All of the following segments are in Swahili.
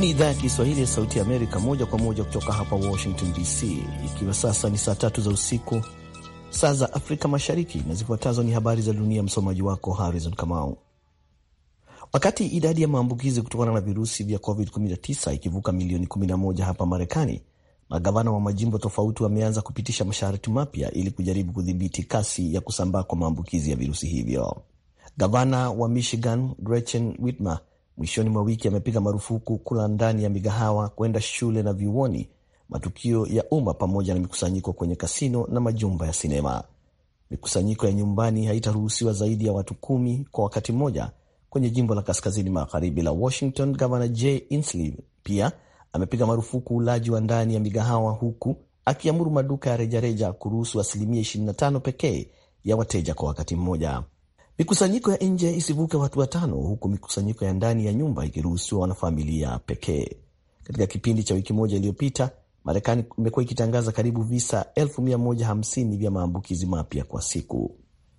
ni idhaa ya Kiswahili ya Sauti ya Amerika, moja kwa moja kutoka hapa Washington DC, ikiwa sasa ni saa tatu za usiku saa za Afrika Mashariki, na zifuatazo ni habari za dunia. Msomaji wako Harrison Kamau. Wakati idadi ya maambukizi kutokana na virusi vya COVID-19 ikivuka milioni 11 hapa Marekani, magavana wa majimbo tofauti wameanza kupitisha masharti mapya ili kujaribu kudhibiti kasi ya kusambaa kwa maambukizi ya virusi hivyo. Gavana wa Michigan Gretchen Whitmer mwishoni mwa wiki amepiga marufuku kula ndani ya migahawa, kwenda shule na vyuoni, matukio ya umma pamoja na mikusanyiko kwenye kasino na majumba ya sinema. Mikusanyiko ya nyumbani haitaruhusiwa zaidi ya watu kumi kwa wakati mmoja kwenye jimbo la kaskazini magharibi la Washington. Gavana Jay Inslee pia amepiga marufuku ulaji wa ndani ya migahawa huku akiamuru maduka ya rejareja kuruhusu asilimia 25 pekee ya wateja kwa wakati mmoja. Mikusanyiko ya nje isivuke watu watano, huku mikusanyiko ya ndani ya nyumba ikiruhusiwa wanafamilia pekee. Katika kipindi cha wiki moja iliyopita, Marekani imekuwa ikitangaza karibu visa 150 vya maambukizi mapya kwa siku.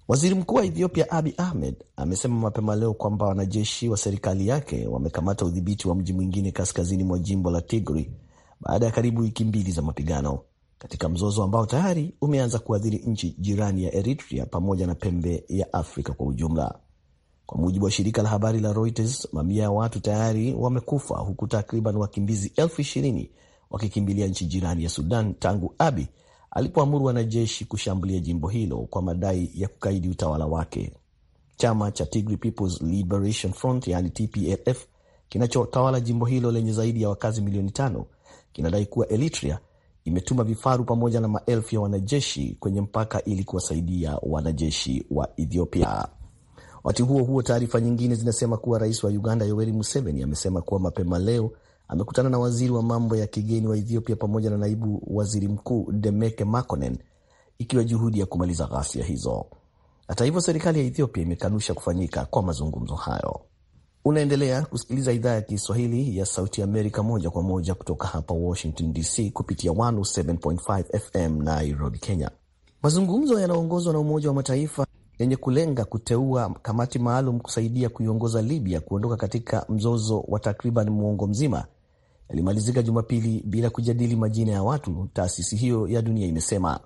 Waziri mkuu wa Ethiopia Abi Ahmed amesema mapema leo kwamba wanajeshi wa serikali yake wamekamata udhibiti wa mji mwingine kaskazini mwa jimbo la Tigri baada ya karibu wiki mbili za mapigano katika mzozo ambao tayari umeanza kuathiri nchi jirani ya Eritrea pamoja na pembe ya Afrika kwa ujumla. Kwa mujibu wa shirika la habari la Reuters, mamia ya watu tayari wamekufa huku takriban wakimbizi elfu ishirini wakikimbilia nchi jirani ya Sudan tangu Abi alipoamuru wanajeshi kushambulia jimbo hilo kwa madai ya kukaidi utawala wake. Chama cha Tigray People's Liberation Front yani TPLF kinachotawala jimbo hilo lenye zaidi ya wakazi milioni tano kinadai kuwa Eritrea imetuma vifaru pamoja na maelfu ya wanajeshi kwenye mpaka ili kuwasaidia wanajeshi wa Ethiopia. Wakati huo huo, taarifa nyingine zinasema kuwa rais wa Uganda Yoweri Museveni amesema kuwa mapema leo amekutana na waziri wa mambo ya kigeni wa Ethiopia pamoja na naibu waziri mkuu Demeke Mekonnen, ikiwa juhudi ya kumaliza ghasia hizo. Hata hivyo, serikali ya Ethiopia imekanusha kufanyika kwa mazungumzo hayo. Unaendelea kusikiliza idhaa ya Kiswahili ya Sauti Amerika moja kwa moja kutoka hapa Washington DC kupitia 107.5 FM Nairobi, Kenya. Mazungumzo yanaongozwa na Umoja wa Mataifa yenye kulenga kuteua kamati maalum kusaidia kuiongoza Libya kuondoka katika mzozo wa takriban muongo mzima yalimalizika Jumapili bila kujadili majina ya watu, taasisi hiyo ya dunia imesema.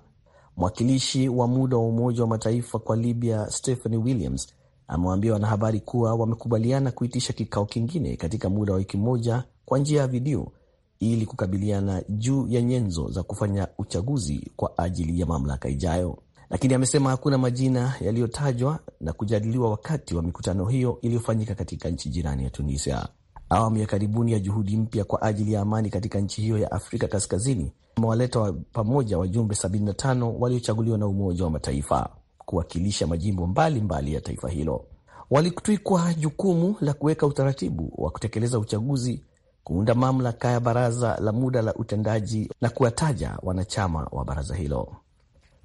Mwakilishi wa muda wa Umoja wa Mataifa kwa Libya Stephanie Williams amewaambia wanahabari kuwa wamekubaliana kuitisha kikao kingine katika muda wa wiki moja kwa njia ya video ili kukabiliana juu ya nyenzo za kufanya uchaguzi kwa ajili ya mamlaka ijayo, lakini amesema hakuna majina yaliyotajwa na kujadiliwa wakati wa mikutano hiyo iliyofanyika katika nchi jirani ya Tunisia. Awamu ya karibuni ya juhudi mpya kwa ajili ya amani katika nchi hiyo ya Afrika Kaskazini amewaleta pamoja wajumbe 75 waliochaguliwa na Umoja wa Mataifa kuwakilisha majimbo mbalimbali mbali ya taifa hilo. Walitwikwa jukumu la kuweka utaratibu wa kutekeleza uchaguzi, kuunda mamlaka ya baraza la muda la utendaji na kuwataja wanachama wa baraza hilo.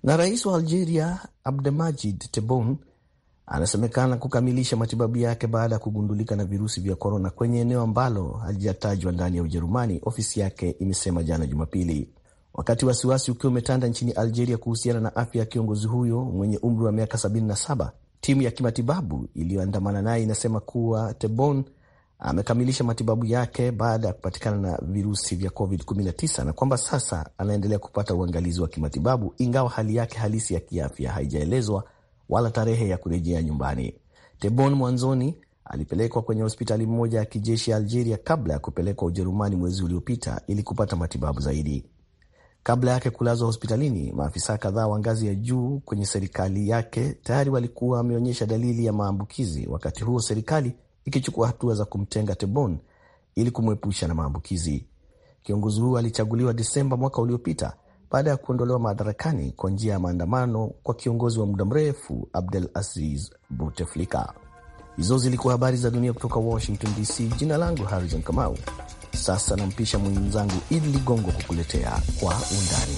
Na rais wa Algeria Abdelmajid Tebboune anasemekana kukamilisha matibabu yake baada ya kugundulika na virusi vya korona kwenye eneo ambalo halijatajwa ndani ya Ujerumani, ofisi yake imesema jana Jumapili wakati wasiwasi ukiwa umetanda nchini Algeria kuhusiana na afya ya kiongozi huyo mwenye umri wa miaka 77. Timu ya kimatibabu iliyoandamana naye inasema kuwa Tebon amekamilisha matibabu yake baada ya kupatikana na virusi vya COVID-19 na kwamba sasa anaendelea kupata uangalizi wa kimatibabu, ingawa hali yake halisi ya kiafya haijaelezwa wala tarehe ya kurejea nyumbani. Tebon mwanzoni alipelekwa kwenye hospitali mmoja ya kijeshi ya Algeria kabla ya kupelekwa Ujerumani mwezi uliopita ili kupata matibabu zaidi. Kabla yake kulazwa hospitalini, maafisa kadhaa wa ngazi ya juu kwenye serikali yake tayari walikuwa wameonyesha dalili ya maambukizi, wakati huo serikali ikichukua hatua za kumtenga Tebon ili kumwepusha na maambukizi. Kiongozi huyo alichaguliwa Desemba mwaka uliopita baada ya kuondolewa madarakani kwa njia ya maandamano kwa kiongozi wa muda mrefu Abdel Aziz buteflika Hizo zilikuwa habari za dunia kutoka Washington DC. Jina langu Harrison Kamau. Sasa nampisha mwenzangu Idi Ligongo kukuletea kwa undani.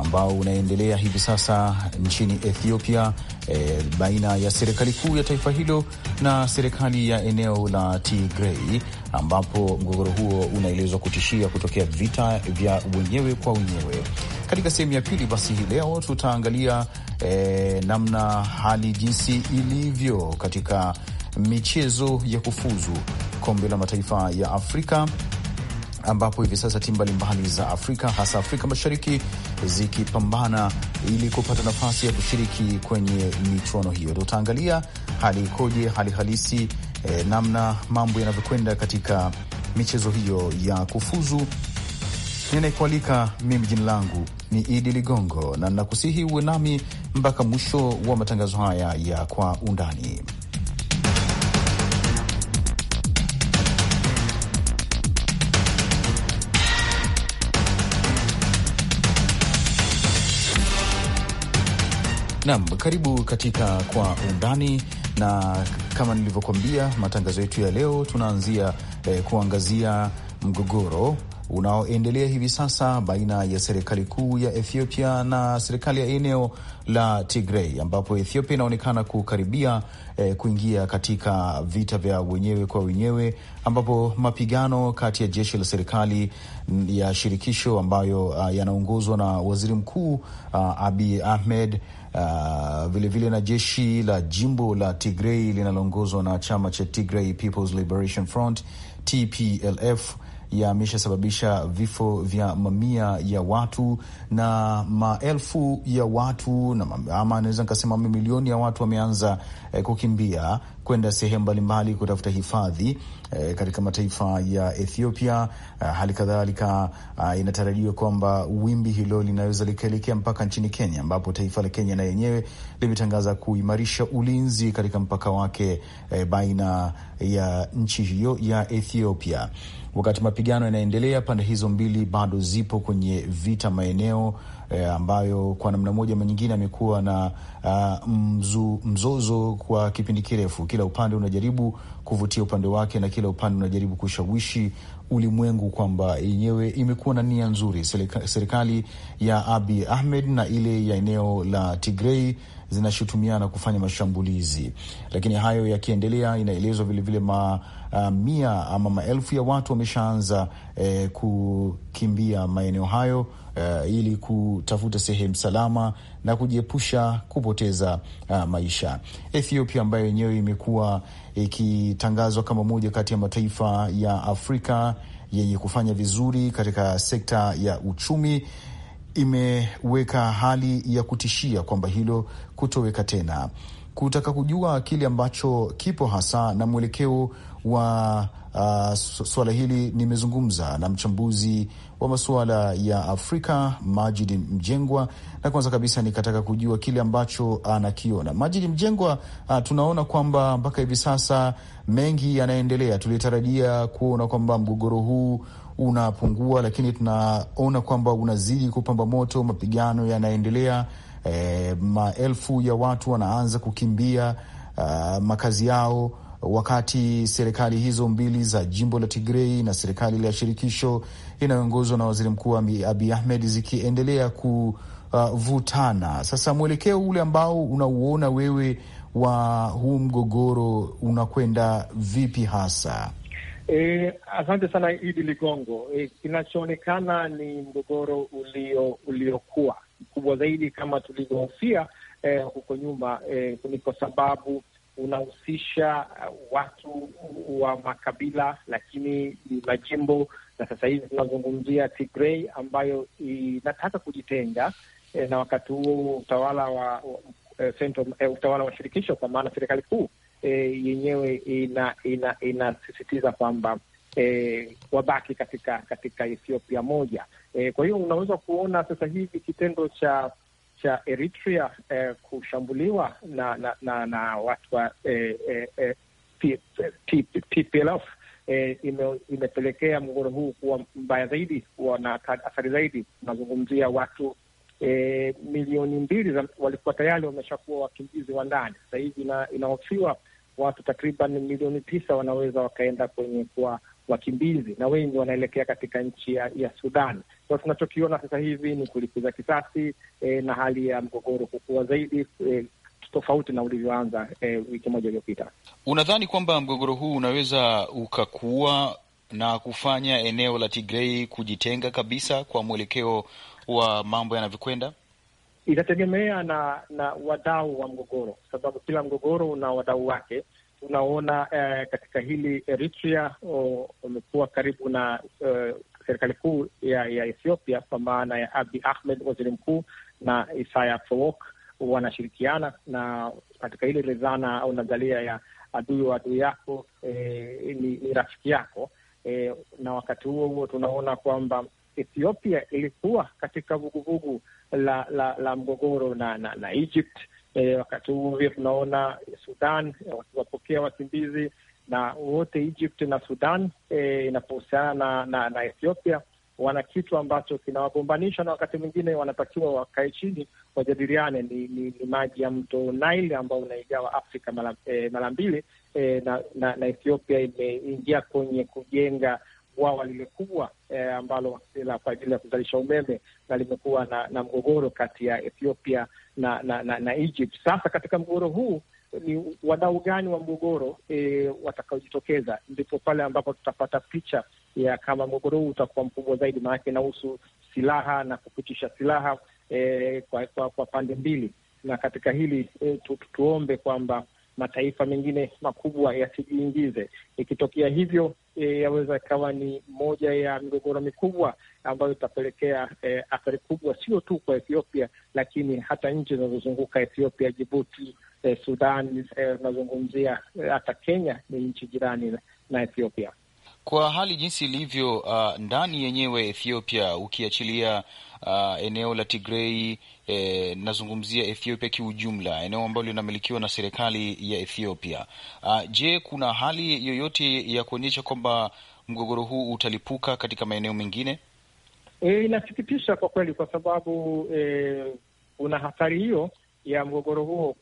ambao unaendelea hivi sasa nchini Ethiopia e, baina ya serikali kuu ya taifa hilo na serikali ya eneo la tigrei ambapo mgogoro huo unaelezwa kutishia kutokea vita vya wenyewe kwa wenyewe. Katika sehemu ya pili basi hii leo tutaangalia e, namna hali jinsi ilivyo katika michezo ya kufuzu kombe la mataifa ya Afrika ambapo hivi sasa timu mbalimbali za Afrika hasa Afrika Mashariki zikipambana ili kupata nafasi ya kushiriki kwenye michuano hiyo. Tutaangalia hali ikoje, hali halisi e, namna mambo yanavyokwenda katika michezo hiyo ya kufuzu. Ninayekualika mimi jina langu ni Idi Ligongo, na nakusihi uwe nami mpaka mwisho wa matangazo haya ya Kwa Undani. Naam, karibu katika Kwa Undani, na kama nilivyokuambia, matangazo yetu ya leo tunaanzia eh, kuangazia mgogoro unaoendelea hivi sasa baina ya serikali kuu ya Ethiopia na serikali ya eneo la Tigray ambapo Ethiopia inaonekana kukaribia eh, kuingia katika vita vya wenyewe kwa wenyewe, ambapo mapigano kati ya jeshi la serikali ya shirikisho ambayo uh, yanaongozwa na waziri mkuu uh, Abiy Ahmed vilevile uh, vile na jeshi la jimbo la Tigrei linaloongozwa na chama cha Tigray People's Liberation Front TPLF yameshasababisha vifo vya mamia ya watu na maelfu ya watu na ama anaweza nikasema mamilioni ya watu wameanza eh, kukimbia kwenda sehemu mbalimbali kutafuta hifadhi eh, katika mataifa ya Ethiopia. Eh, hali kadhalika eh, inatarajiwa kwamba wimbi hilo linaweza likaelekea mpaka nchini Kenya, ambapo taifa la Kenya na yenyewe limetangaza kuimarisha ulinzi katika mpaka wake eh, baina ya nchi hiyo ya Ethiopia. Wakati mapigano yanaendelea, pande hizo mbili bado zipo kwenye vita maeneo e, ambayo kwa namna moja ama nyingine amekuwa na a, ah, mzu, mzozo kwa kipindi kirefu. Kila upande unajaribu kuvutia upande wake na kila upande unajaribu kushawishi ulimwengu kwamba yenyewe imekuwa na nia nzuri. Serikali ya Abi Ahmed na ile ya eneo la Tigrei zinashutumiana kufanya mashambulizi, lakini hayo yakiendelea, inaelezwa vilevile mamia ah, ama maelfu ya watu wameshaanza eh, kukimbia maeneo hayo uh, ili kutafuta sehemu salama na kujiepusha kupoteza uh, maisha. Ethiopia ambayo yenyewe imekuwa ikitangazwa kama moja kati ya mataifa ya Afrika yenye kufanya vizuri katika sekta ya uchumi imeweka hali ya kutishia kwamba hilo kutoweka tena. Kutaka kujua kile ambacho kipo hasa na mwelekeo wa uh, suala hili nimezungumza na mchambuzi wa masuala ya Afrika Majid Mjengwa, na kwanza kabisa nikataka kujua kile ambacho anakiona Majid Mjengwa. Uh, tunaona kwamba mpaka hivi sasa mengi yanaendelea. Tulitarajia kuona kwamba mgogoro huu unapungua, lakini tunaona kwamba unazidi kupamba moto, mapigano yanaendelea. E, maelfu ya watu wanaanza kukimbia uh, makazi yao wakati serikali hizo mbili za jimbo la Tigrei na serikali la shirikisho inayoongozwa na waziri mkuu abi Ahmed zikiendelea kuvutana. Uh, sasa mwelekeo ule ambao unauona wewe wa huu mgogoro unakwenda vipi hasa? E, asante sana Idi Ligongo. E, kinachoonekana ni mgogoro ulio uliokuwa mkubwa zaidi kama tulivyohofia e, huko nyuma e, ni kwa sababu unahusisha uh, watu wa makabila, lakini ni majimbo, na sasa hivi tunazungumzia Tigray ambayo inataka kujitenga e, na wakati huo utawala wa e, central, e, utawala wa shirikisho kwa maana serikali kuu e, yenyewe inasisitiza ina, ina kwamba e, wabaki katika katika Ethiopia moja e, kwa hiyo unaweza kuona sasa hivi kitendo cha cha Eritrea eh, kushambuliwa na na, na, na watu wa eh, eh, eh TPLF eh, ime, imepelekea mgogoro huu kuwa mbaya zaidi, kuwa na athari zaidi. Unazungumzia watu eh, milioni mbili walikuwa tayari wameshakuwa wakimbizi wa ndani. Sasa hivi inahofiwa watu takriban milioni tisa wanaweza wakaenda kwenye kuwa wakimbizi, na wengi wanaelekea katika nchi ya, ya Sudan kwa tunachokiona sasa hivi ni kulipiza kisasi e, na hali ya mgogoro kukua zaidi e, tofauti na ulivyoanza e, wiki moja iliyopita. Unadhani kwamba mgogoro huu unaweza ukakua na kufanya eneo la Tigrei kujitenga kabisa kwa mwelekeo wa mambo yanavyokwenda? Itategemea na na wadau wa mgogoro, kwa sababu kila mgogoro una wadau wake. Tunaona eh, katika hili Eritrea oh, wamekuwa karibu na eh, serikali kuu ya, ya Ethiopia kwa maana ya Abi Ahmed waziri mkuu na Isaya Afwerki wanashirikiana na katika ile ile dhana au nadharia ya adui wa adui yako e, ni, ni rafiki yako e, na wakati huo huo tunaona kwamba Ethiopia ilikuwa katika vuguvugu la, la, la mgogoro na, na, na Egypt e, wakati huo pia tunaona Sudan wakiwapokea wakimbizi na wote Egypt na Sudan e, inapohusiana na, na, na Ethiopia wana kitu ambacho kinawagombanisha na wakati mwingine wanatakiwa wakae chini wajadiliane. Ni, ni, ni maji ya mto Nile ambao unaigawa Afrika mara e, mbili e, na, na, na Ethiopia imeingia kwenye kujenga bwawa lile kubwa eh, ambalo kwa ajili ya kuzalisha umeme na limekuwa na, na mgogoro kati ya Ethiopia na, na, na, na Egypt. Sasa katika mgogoro huu ni wadau gani wa mgogoro e, watakaojitokeza, ndipo pale ambapo tutapata picha ya kama mgogoro huu utakuwa mkubwa zaidi, maanake inahusu silaha na kupitisha silaha e, kwa, kwa, kwa pande mbili. Na katika hili e, tu, tu, tuombe kwamba mataifa mengine makubwa yasijiingize. Ikitokea hivyo, e, yaweza ikawa ni moja ya migogoro mikubwa ambayo itapelekea e, athari kubwa, sio tu kwa Ethiopia, lakini hata nchi zinazozunguka Ethiopia, Jibuti eh, Sudan unazungumzia eh, hata Kenya ni nchi jirani na, na Ethiopia. Kwa hali jinsi ilivyo uh, ndani yenyewe Ethiopia ukiachilia uh, eneo la Tigrei eh, nazungumzia Ethiopia kiujumla, eneo ambalo linamilikiwa na serikali ya Ethiopia. Uh, je, kuna hali yoyote ya kuonyesha kwamba mgogoro huu utalipuka katika maeneo mengine? E, inasikitisha kwa kweli, kwa sababu e, kuna hatari hiyo ya mgogoro huo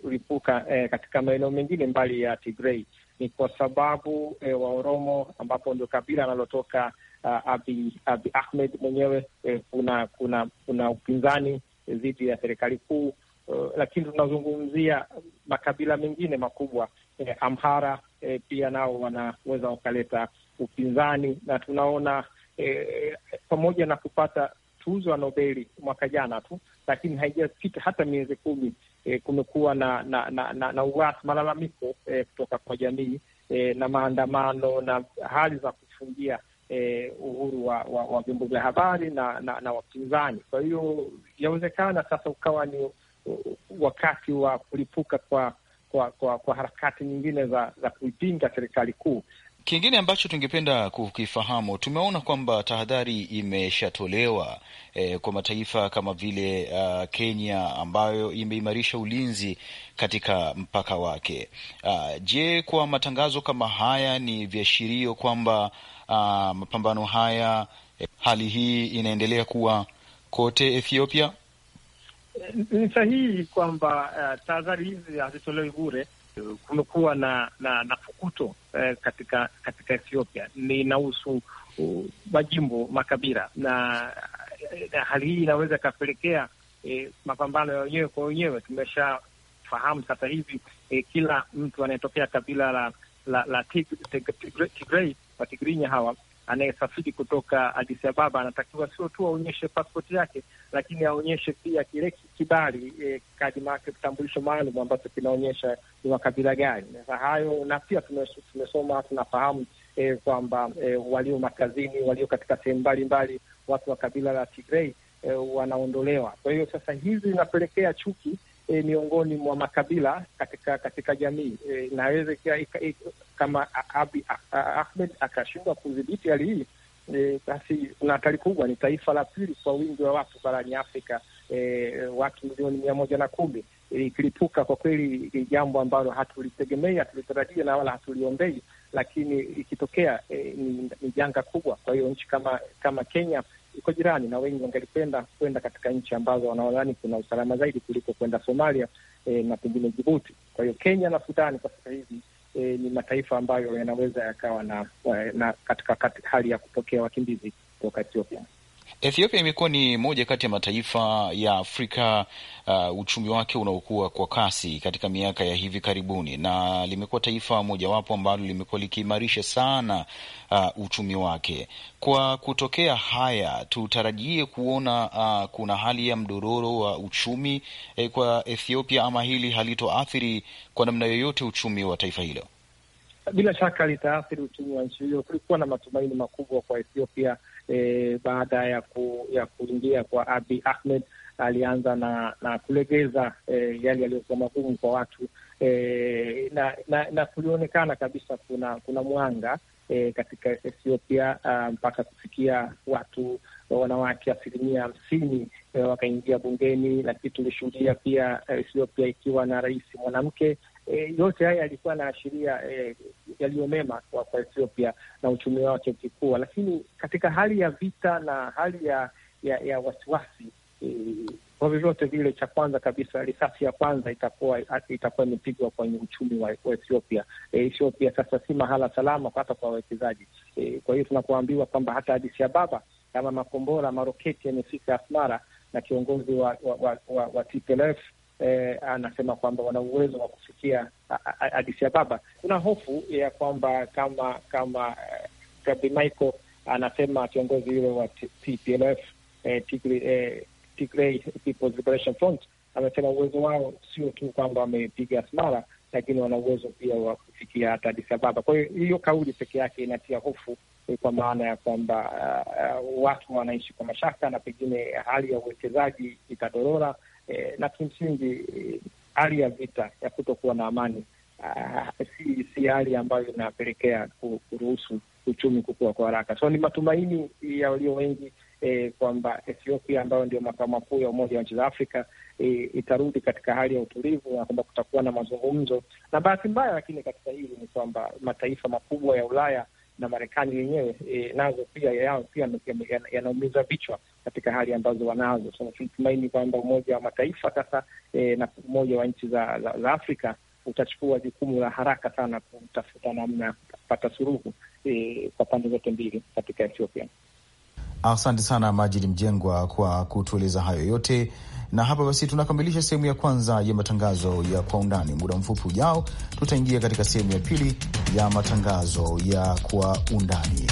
kulipuka eh, katika maeneo mengine mbali ya Tigray ni kwa sababu eh, Waoromo ambapo ndio kabila analotoka uh, ah, Abi, Abi Ahmed mwenyewe eh, kuna kuna kuna upinzani dhidi ya serikali kuu uh, lakini tunazungumzia makabila mengine makubwa eh, Amhara eh, pia nao wanaweza wakaleta upinzani na tunaona eh, pamoja na kupata tuzo ya Nobeli mwaka jana tu lakini haijafika hata miezi kumi. E, kumekuwa na na na, na, na uwasi malalamiko e, kutoka kwa jamii e, na maandamano na hali za kufungia e, uhuru wa, wa, wa vyombo vya habari na na, na wapinzani. Kwa hiyo inawezekana sasa ukawa ni wakati wa kulipuka kwa kwa, kwa, kwa harakati nyingine za, za kuipinga serikali kuu. Kingine ambacho tungependa kukifahamu, tumeona kwamba tahadhari imeshatolewa e, kwa mataifa kama vile uh, Kenya ambayo imeimarisha ulinzi katika mpaka wake. Uh, je, kwa matangazo kama haya ni viashirio kwamba uh, mapambano haya e, hali hii inaendelea kuwa kote Ethiopia? Ni sahihi kwamba uh, tahadhari hizi hazitolewi bure. Kumekuwa na, na, na Sokoto eh, katika katika Ethiopia ni uh, majimbo makabila, na, na eh, hali hii inaweza ikapelekea eh, mapambano ya wenyewe kwa wenyewe. Tumeshafahamu sasa hivi eh, kila mtu anayetokea kabila la la, la Tigrei Watigrinya hawa anayesafiri kutoka Addis Ababa anatakiwa sio tu aonyeshe paspoti yake, lakini aonyeshe pia kile kibali e, kadi maake kitambulisho maalum ambacho kinaonyesha ni makabila gani. hayo na pia tumesoma tunafahamu e, kwamba e, walio makazini walio katika sehemu mbalimbali watu wa kabila la Tigrei e, wanaondolewa. Kwa hiyo sasa hizi zinapelekea chuki e, miongoni e, mwa makabila katika katika jamii e, inaweza kama Abi Ahmed akashindwa kudhibiti hali hii E, basi kuna hatari kubwa. Ni taifa la pili kwa wingi wa watu barani Afrika, e, watu milioni mia moja na kumi. E, ikilipuka e, kwa kweli ni jambo ambalo hatulitegemei, hatulitarajia na wala hatuliombei, lakini ikitokea e, ni, ni janga kubwa. Kwa hiyo nchi kama kama Kenya iko jirani na wengi wangelipenda kwenda katika nchi ambazo wanaonani kuna usalama zaidi kuliko kwenda Somalia e, na pengine Jibuti. Kwa hiyo Kenya na Sudani kwa sasa hivi e, ni mataifa ambayo yanaweza yakawa na, e, na katika hali ya kupokea wakimbizi kutoka Ethiopia. Ethiopia imekuwa ni moja kati ya mataifa ya Afrika uh, uchumi wake unaokuwa kwa kasi katika miaka ya hivi karibuni, na limekuwa taifa mojawapo ambalo limekuwa likiimarisha sana uh, uchumi wake. Kwa kutokea haya, tutarajie kuona uh, kuna hali ya mdororo wa uchumi eh, kwa Ethiopia ama hili halitoathiri kwa namna yoyote uchumi wa taifa hilo? bila shaka litaathiri uchumi wa nchi hiyo. Kulikuwa na matumaini makubwa kwa Ethiopia eh, baada ya ku, ya kuingia kwa Abi Ahmed alianza na na kulegeza eh, yale yaliyokuwa magumu kwa watu eh, na, na, na kulionekana kabisa kuna kuna mwanga eh, katika Ethiopia ah, mpaka kufikia watu wanawake asilimia hamsini eh, wakaingia bungeni, lakini tulishuhudia pia eh, Ethiopia ikiwa na rais mwanamke E, yote haya yalikuwa yanaashiria e, yaliyo mema kwa, kwa Ethiopia na uchumi wake ukikua, lakini katika hali ya vita na hali ya ya, ya wasiwasi e, kwa vyovyote vile, cha kwanza kabisa, risasi ya kwanza itakuwa itakuwa imepigwa kwenye uchumi wa, wa Ethiopia. E, Ethiopia sasa si mahala salama hata kwa wawekezaji e, kwa hiyo tunapoambiwa kwamba hata Addis Ababa kama makombora maroketi yamefika Asmara na kiongozi wa, wa, wa, wa, wa TPLF eh, anasema kwamba wana uwezo wa kufikia Addis Ababa. Kuna hofu ya kwamba kama kama Gabriel eh, Michael anasema kiongozi yule wa TPLF, eh, Tigray eh, People's Liberation Front amesema uwezo wao sio tu kwamba wamepiga Asmara, lakini wana uwezo pia wa kufikia hata Addis Ababa. Kwa hiyo hiyo kauli peke yake inatia hofu eh, kwa maana ya kwamba uh, uh, watu wanaishi kwa mashaka na pengine hali ya uwekezaji itadorora eh, na kimsingi eh, hali ya vita ya kutokuwa na amani ah, si, si hali ambayo inapelekea kuruhusu uchumi kukua kwa haraka. So ni matumaini ya walio wengi eh, kwamba Ethiopia ambayo ndio makao makuu ya Umoja wa Nchi za Afrika eh, itarudi katika hali ya utulivu na kwamba kutakuwa na mazungumzo, na bahati mbaya lakini katika hili ni kwamba mataifa makubwa ya Ulaya na Marekani yenyewe eh, nazo pia yao pia yanaumiza ya, ya, ya vichwa katika hali ambazo wanazo. So tunatumaini kwamba Umoja wa Mataifa sasa e, na Umoja wa nchi za, za, za Afrika utachukua jukumu la haraka sana kutafuta namna ya kupata suluhu e, kwa pande zote mbili katika Ethiopia. Asante sana Majidi Mjengwa kwa kutueleza hayo yote, na hapa basi tunakamilisha sehemu ya kwanza ya matangazo ya kwa undani. Muda mfupi ujao, tutaingia katika sehemu ya pili ya matangazo ya kwa undani.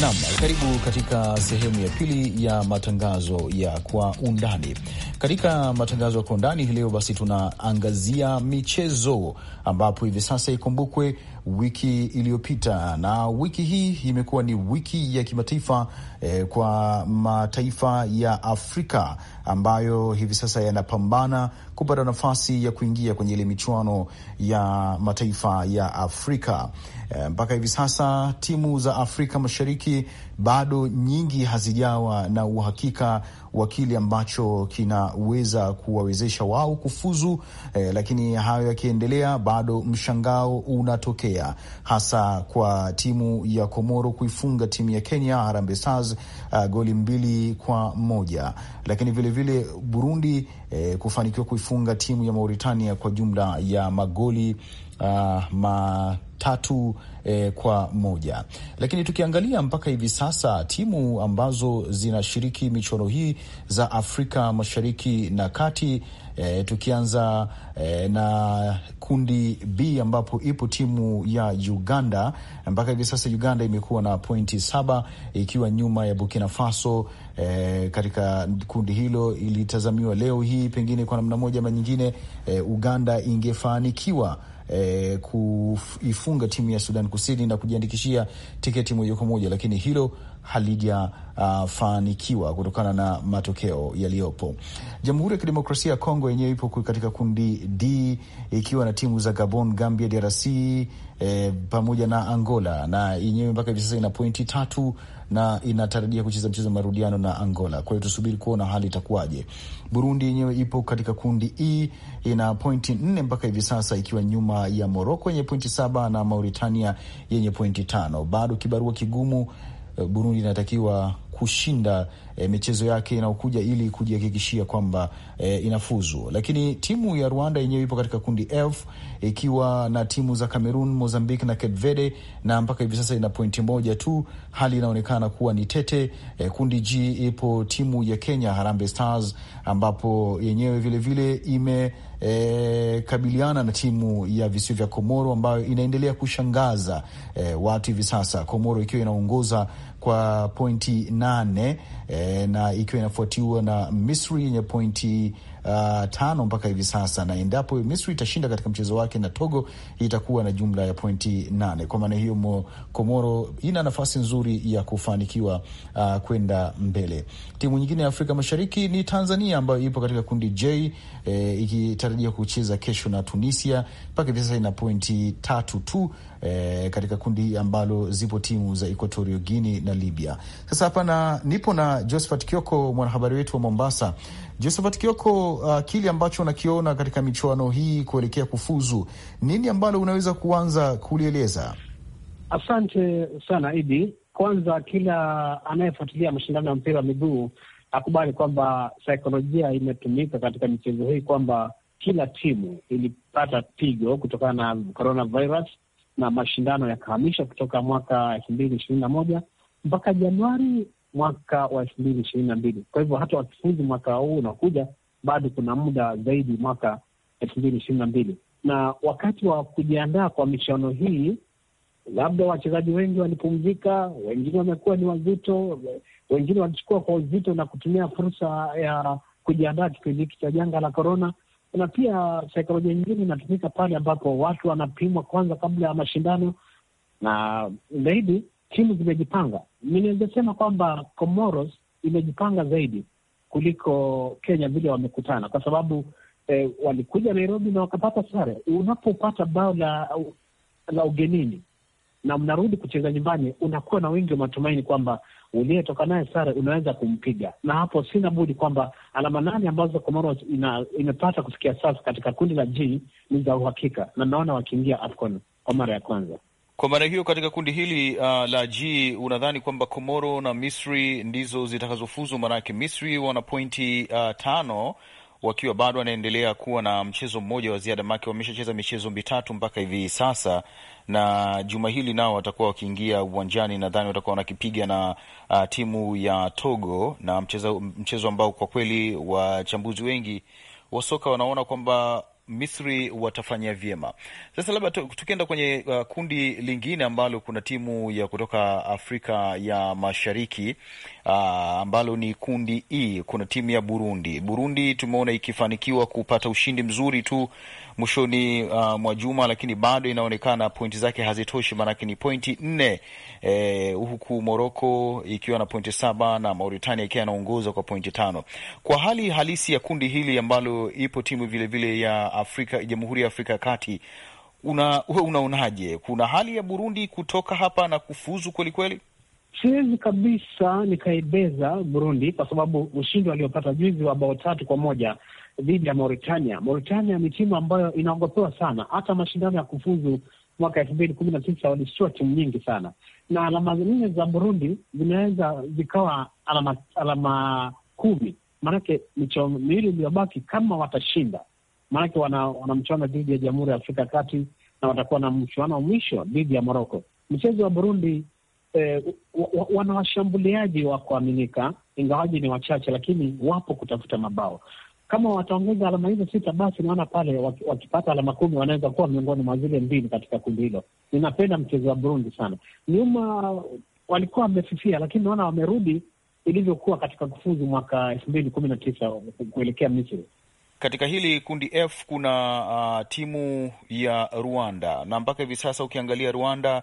nam karibu katika sehemu ya pili ya matangazo ya kwa undani. Katika matangazo ya kwa undani hii leo basi tunaangazia michezo ambapo hivi sasa ikumbukwe wiki iliyopita, na wiki hii imekuwa ni wiki ya kimataifa eh, kwa mataifa ya Afrika ambayo hivi sasa yanapambana kupata nafasi ya kuingia kwenye ile michuano ya mataifa ya Afrika. Eh, mpaka eh, hivi sasa timu za Afrika Mashariki bado nyingi hazijawa na uhakika wa kile ambacho kinaweza kuwawezesha wao kufuzu eh, lakini hayo yakiendelea, bado mshangao unatokea hasa kwa timu ya Komoro kuifunga timu ya Kenya Harambee Stars uh, goli mbili kwa moja, lakini vilevile vile Burundi eh, kufanikiwa kuifunga timu ya Mauritania kwa jumla ya magoli uh, ma tatu eh, kwa moja. Lakini tukiangalia mpaka hivi sasa timu ambazo zinashiriki michuano hii za Afrika Mashariki na Kati eh, tukianza eh, na kundi B ambapo ipo timu ya Uganda. Mpaka hivi sasa Uganda imekuwa na pointi saba ikiwa nyuma ya Burkina Faso. E, katika kundi hilo ilitazamiwa leo hii pengine kwa namna moja ama nyingine e, Uganda ingefanikiwa eh, kuifunga timu ya Sudan Kusini na kujiandikishia tiketi moja kwa moja, lakini hilo halijafanikiwa uh, kutokana na matokeo yaliyopo. Jamhuri ya Kidemokrasia ya Kongo yenyewe ipo katika kundi D ikiwa na timu za Gabon, Gambia, DRC eh, pamoja na Angola, na yenyewe mpaka hivi sasa ina pointi tatu na inatarajia kucheza mchezo marudiano na Angola. Kwa hiyo tusubiri kuona hali itakuwaje. Burundi yenyewe ipo katika kundi E, ina pointi nne mpaka hivi sasa, ikiwa nyuma ya Moroko yenye pointi saba na Mauritania yenye pointi tano. Bado kibarua kigumu. Eh, Burundi inatakiwa kushinda e, michezo yake inayokuja ili kujihakikishia kwamba e, inafuzu. Lakini timu ya Rwanda yenyewe ipo katika kundi F ikiwa na timu za Cameroon, Mozambique na Cape Verde, na mpaka hivi sasa ina pointi moja tu. Hali inaonekana kuwa ni tete. E, kundi G ipo timu ya Kenya Harambee Stars ambapo yenyewe vilevile ime E, kabiliana na timu ya visiwa vya Komoro ambayo inaendelea kushangaza e, watu hivi sasa, Komoro ikiwa inaongoza kwa pointi nane e, na ikiwa inafuatiwa na Misri yenye pointi uh, tano mpaka hivi sasa, na endapo Misri itashinda katika mchezo wake na Togo itakuwa na jumla ya pointi nane. Kwa maana hiyo mo, Komoro ina nafasi nzuri ya kufanikiwa uh, kwenda mbele. Timu nyingine ya Afrika Mashariki ni Tanzania ambayo ipo katika kundi J e, ikitarajia kucheza kesho na Tunisia. Mpaka hivi sasa ina pointi tatu tu e, katika kundi ambalo zipo timu za Equatorio Guini na Libya. Sasa hapa na nipo na Josephat Kioko, mwanahabari wetu wa Mombasa. Josephat Kioko, uh, kile ambacho unakiona katika michuano hii kuelekea kufuzu, nini ambalo unaweza kuanza kulieleza? Asante sana Idi. Kwanza, kila anayefuatilia mashindano ya mpira wa miguu akubali kwamba saikolojia imetumika katika michezo hii, kwamba kila timu ilipata pigo kutokana na coronavirus na mashindano yakahamishwa kutoka mwaka elfu mbili ishirini na moja mpaka Januari mwaka wa elfu mbili ishirini na mbili. Kwa hivyo hata wakifunzi mwaka huu unakuja bado kuna muda zaidi mwaka elfu mbili ishirini na mbili. Na wakati wa kujiandaa kwa michuano hii, labda wachezaji wengi walipumzika, wengine wamekuwa ni wazito, wengine walichukua kwa uzito na kutumia fursa ya kujiandaa kipindi hiki cha janga la korona. Kuna pia saikolojia nyingine inatumika pale ambapo watu wanapimwa kwanza kabla ya mashindano, na zaidi timu zimejipanga. Ninawezasema kwamba Comoros imejipanga zaidi kuliko Kenya vile wamekutana, kwa sababu eh, walikuja Nairobi na wakapata sare. Unapopata bao la, la ugenini na mnarudi kucheza nyumbani, unakuwa na wingi wa matumaini kwamba uliyetoka naye sare unaweza kumpiga, na hapo sina budi kwamba alama nane ambazo Komoro ina, imepata kufikia sasa katika kundi la G ni za uhakika, na naona wakiingia AFCON kwa mara ya kwanza. Kwa maana hiyo katika kundi hili uh, la G unadhani kwamba Komoro na Misri ndizo zitakazofuzu? Maanake Misri wana pointi uh, tano wakiwa bado wanaendelea kuwa na mchezo mmoja wa ziada, make wameshacheza michezo mitatu mpaka hivi sasa, na juma hili nao watakuwa wakiingia uwanjani, nadhani watakuwa wanakipiga na uh, timu ya Togo na mchezo, mchezo ambao kwa kweli wachambuzi wengi wa soka wanaona kwamba Misri watafanya vyema. Sasa labda tukienda kwenye uh, kundi lingine ambalo kuna timu ya kutoka Afrika ya Mashariki Ah, ambalo ni kundi E. Kuna timu ya Burundi. Burundi tumeona ikifanikiwa kupata ushindi mzuri tu mwishoni uh, mwa juma, lakini bado inaonekana pointi zake hazitoshi, maanake ni pointi nne e, huku Moroko ikiwa na pointi saba na Mauritania ikiwa inaongoza kwa pointi tano. Kwa hali halisi ya kundi hili ambalo ipo timu vilevile vile ya Afrika, Jamhuri ya Afrika ya Kati, una, unaonaje? Kuna hali ya Burundi kutoka hapa na kufuzu kwelikweli? siwezi kabisa nikaibeza Burundi kwa sababu ushindi waliopata juzi wa bao tatu kwa moja dhidi ya Mauritania. Mauritania ni timu ambayo inaogopewa sana, hata mashindano ya kufuzu mwaka elfu mbili kumi na tisa walishtua timu nyingi sana, na alama nne za Burundi zinaweza zikawa alama, alama kumi. Maanake micho miwili iliyobaki, kama watashinda, maanake wanamchuana wana dhidi ya Jamhuri ya Afrika ya Kati na watakuwa na mchuano wa mwisho dhidi ya Moroko. Mchezo wa Burundi eh, wana washambuliaji wa kuaminika, ingawaji ni wachache, lakini wapo kutafuta mabao. Kama wataongeza alama hizo sita, basi naona pale wakipata alama kumi wanaweza kuwa miongoni mwa zile mbili katika kundi hilo. Ninapenda mchezo wa Burundi sana. Nyuma walikuwa wamefifia, lakini naona wamerudi ilivyokuwa katika kufuzu mwaka elfu mbili kumi na tisa kuelekea Misri. Katika hili kundi F kuna uh, timu ya Rwanda na mpaka hivi sasa ukiangalia Rwanda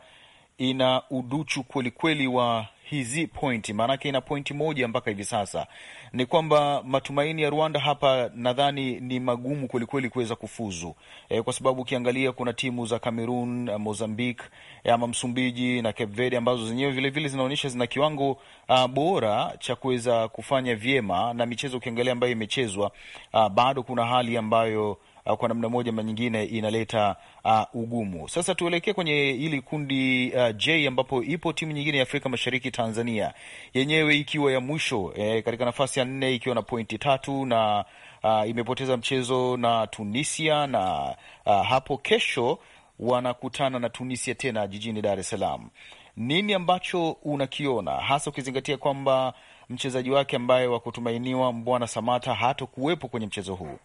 ina uduchu kwelikweli wa hizi pointi, maanake ina pointi moja mpaka hivi sasa. Ni kwamba matumaini ya Rwanda hapa nadhani ni magumu kwelikweli kuweza kufuzu e, kwa sababu ukiangalia kuna timu za Cameroon, eh, Mozambique eh, ama Msumbiji na Cape Verde ambazo zenyewe vilevile zinaonyesha zina kiwango a, ah, bora cha kuweza kufanya vyema, na michezo ukiangalia ambayo imechezwa ah, bado kuna hali ambayo uh, kwa namna moja ama nyingine inaleta uh, ugumu. Sasa tuelekee kwenye hili kundi uh, J ambapo ipo timu nyingine ya Afrika Mashariki, Tanzania yenyewe ikiwa ya mwisho eh, katika nafasi ya nne ikiwa na pointi tatu na uh, imepoteza mchezo na Tunisia na uh, hapo kesho wanakutana na Tunisia tena jijini Dar es Salaam. Nini ambacho unakiona hasa ukizingatia kwamba mchezaji wake ambaye wa kutumainiwa Mbwana Samata hatokuwepo kwenye mchezo huu?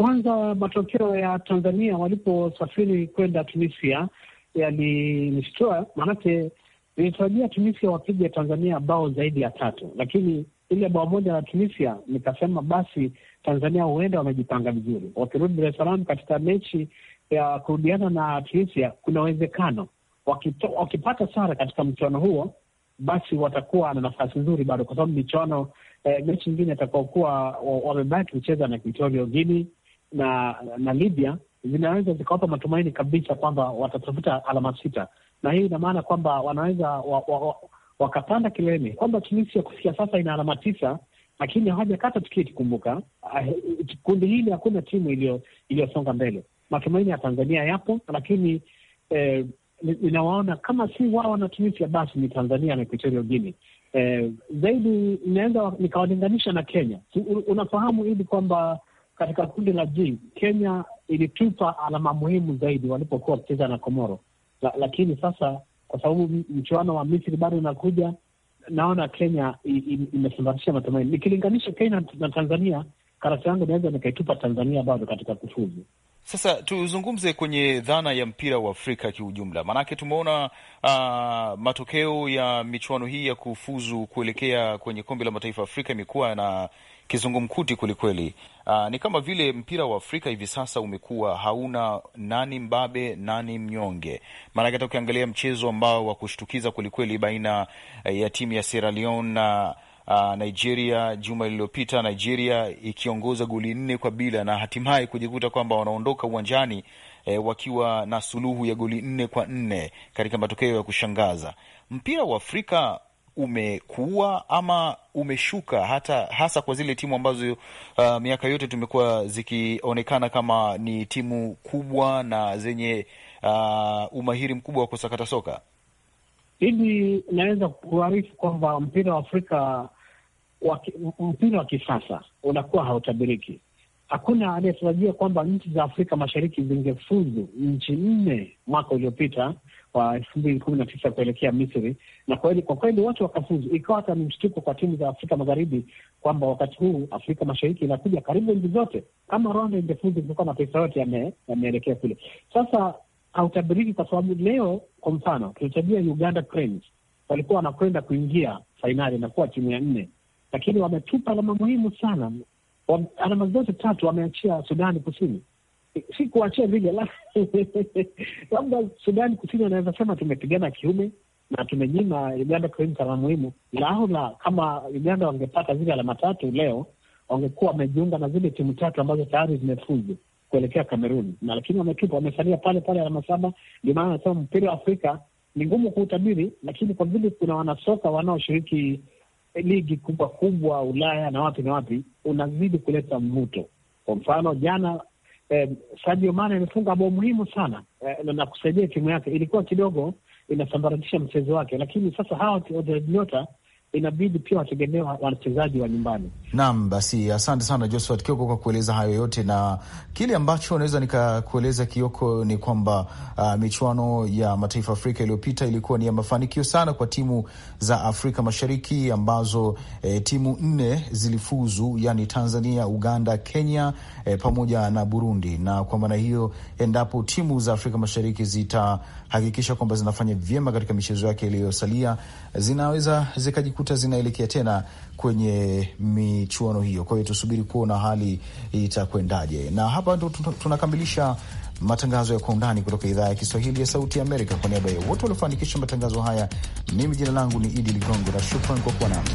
Kwanza matokeo ya Tanzania waliposafiri kwenda Tunisia yalinishtua, maanake nilitarajia Tunisia wapige Tanzania bao zaidi ya tatu, lakini ile bao moja la Tunisia nikasema basi Tanzania huenda wamejipanga vizuri, wakirudi Dar es Salaam katika mechi ya kurudiana na Tunisia kuna uwezekano wakipata sare katika mchuano huo basi watakuwa na nafasi nzuri bado, kwa sababu michuano eh, mechi nyingine atakaokuwa wamebaki kucheza na Kitorio Guinea na na Libya zinaweza zikawapa matumaini kabisa kwamba watatafuta alama sita, na hii ina maana kwamba wanaweza wa, wa, wa, wakapanda kileleni, kwamba Tunisia kufikia sasa ina alama tisa lakini hawajakata tiketi. Kumbuka ah, kundi hili hakuna timu iliyosonga mbele. Matumaini ya Tanzania yapo, lakini eh, inawaona kama si wao na Tunisia basi ni Tanzania na Equatorial Guinea. Eh, zaidi inaweza nikawalinganisha na Kenya. Unafahamu hivi kwamba katika kundi la G Kenya ilitupa alama muhimu zaidi walipokuwa wakicheza na Komoro la, lakini sasa kwa sababu mchuano wa Misri bado unakuja, naona Kenya imesambaratisha matumaini. Nikilinganisha Kenya na Tanzania, karata yangu naweza nikaitupa Tanzania bado katika kufuzu. Sasa tuzungumze kwenye dhana ya mpira wa Afrika kiujumla, maanake tumeona uh, matokeo ya michuano hii ya kufuzu kuelekea kwenye kombe la mataifa Afrika imekuwa na kizungumkuti kwelikweli. Uh, ah, ni kama vile mpira wa Afrika hivi sasa umekuwa hauna nani mbabe nani mnyonge, maanake hata ukiangalia mchezo ambao wa kushtukiza kwelikweli baina eh, ya timu ya Sierra Leone na uh, Ah, Nigeria juma lililopita, Nigeria ikiongoza goli nne kwa bila na hatimaye kujikuta kwamba wanaondoka uwanjani E, wakiwa na suluhu ya goli nne kwa nne katika matokeo ya kushangaza. Mpira wa Afrika umekuwa ama umeshuka, hata hasa kwa zile timu ambazo uh, miaka yote tumekuwa zikionekana kama ni timu kubwa na zenye uh, umahiri mkubwa wa kusakata soka. Hili naweza kuarifu kwamba mpira wa Afrika mpira wa kisasa unakuwa hautabiriki. Hakuna aliyetarajia kwamba nchi za Afrika Mashariki zingefuzu nchi nne mwaka uliopita wa elfu mbili kumi na tisa kuelekea Misri, na kweli kwa kweli watu wakafuzu. Ikawa hata ni mshtuko kwa timu za Afrika Magharibi kwamba wakati huu Afrika Mashariki inakuja karibu nchi zote. Kama Rwanda ingefuzu kutokana mataifa yote yameelekea kule, sasa hautabiriki kwa sababu leo, kwa mfano, tulitajia Uganda Cranes walikuwa wanakwenda kuingia fainali, na kuwa timu ya nne lakini wametupa alama muhimu sana. Alama zote tatu wameachia Sudani Kusini, si kuachia vile labda Sudani Kusini wanaweza sema tumepigana kiume na tumenyima Uganda alama muhimu. Lao la kama Uganda wangepata zile alama tatu leo, wangekuwa wamejiunga na zile timu tatu ambazo tayari zimefuzu kuelekea Kamerun, na lakini wametupa, wamesalia pale pale alama saba. Ndio maana anasema mpira wa Afrika ni ngumu kuutabiri, lakini kwa vile kuna wanasoka wanaoshiriki ligi kubwa kubwa Ulaya na wapi na wapi, unazidi kuleta mvuto. Kwa mfano jana eh, Sadio Mane amefunga bao muhimu sana eh, na kusaidia timu yake. Ilikuwa kidogo inasambaratisha mchezo wake, lakini sasa hawa wachezaji nyota inabidi pia wategemea wachezaji wa nyumbani. Naam, basi asante sana Josphat Kioko kwa kueleza hayo yote, na kile ambacho naweza nikakueleza Kioko ni kwamba uh, michuano ya mataifa Afrika iliyopita ilikuwa ni ya mafanikio sana kwa timu za Afrika Mashariki ambazo eh, timu nne zilifuzu, yani Tanzania, Uganda, Kenya eh, pamoja na Burundi, na kwa maana hiyo endapo timu za Afrika Mashariki zita hakikisha kwamba zinafanya vyema katika michezo yake iliyosalia, zinaweza zikajikuta zinaelekea tena kwenye michuano hiyo. Kwa hiyo tusubiri kuona hali itakwendaje, na hapa ndo tunakamilisha matangazo ya kwa undani kutoka idhaa ya Kiswahili ya Sauti ya Amerika. Kwa niaba ya wote waliofanikisha matangazo haya, mimi jina langu ni Idi Ligongo na shukran kwa kuwa nami.